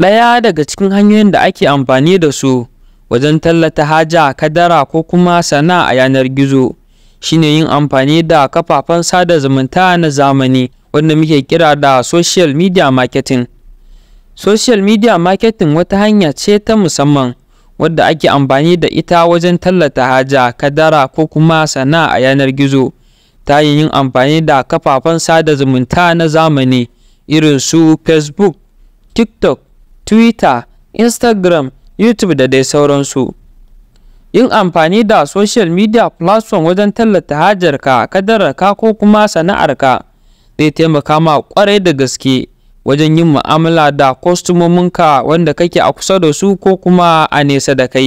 ɗaya daga cikin hanyoyin da ake amfani da su wajen tallata haja kadara ko kuma sana'a a yanar gizo shine yin amfani da kafafen sada zumunta na zamani wanda muke kira da social media marketing social media marketing wata hanya ce ta musamman wadda ake amfani da ita wajen tallata haja kadara ko kuma sana'a a yanar gizo ta yin amfani da kafafen sada zumunta na zamani irin su facebook tiktok twitter instagram youtube da dai sauransu yin amfani da social media platform wajen tallata hajarka kadararka ko kuma sana'arka zai taimaka ma kwarai da gaske wajen yin mu'amala da ka wanda kake a kusa da su ko kuma a nesa da kai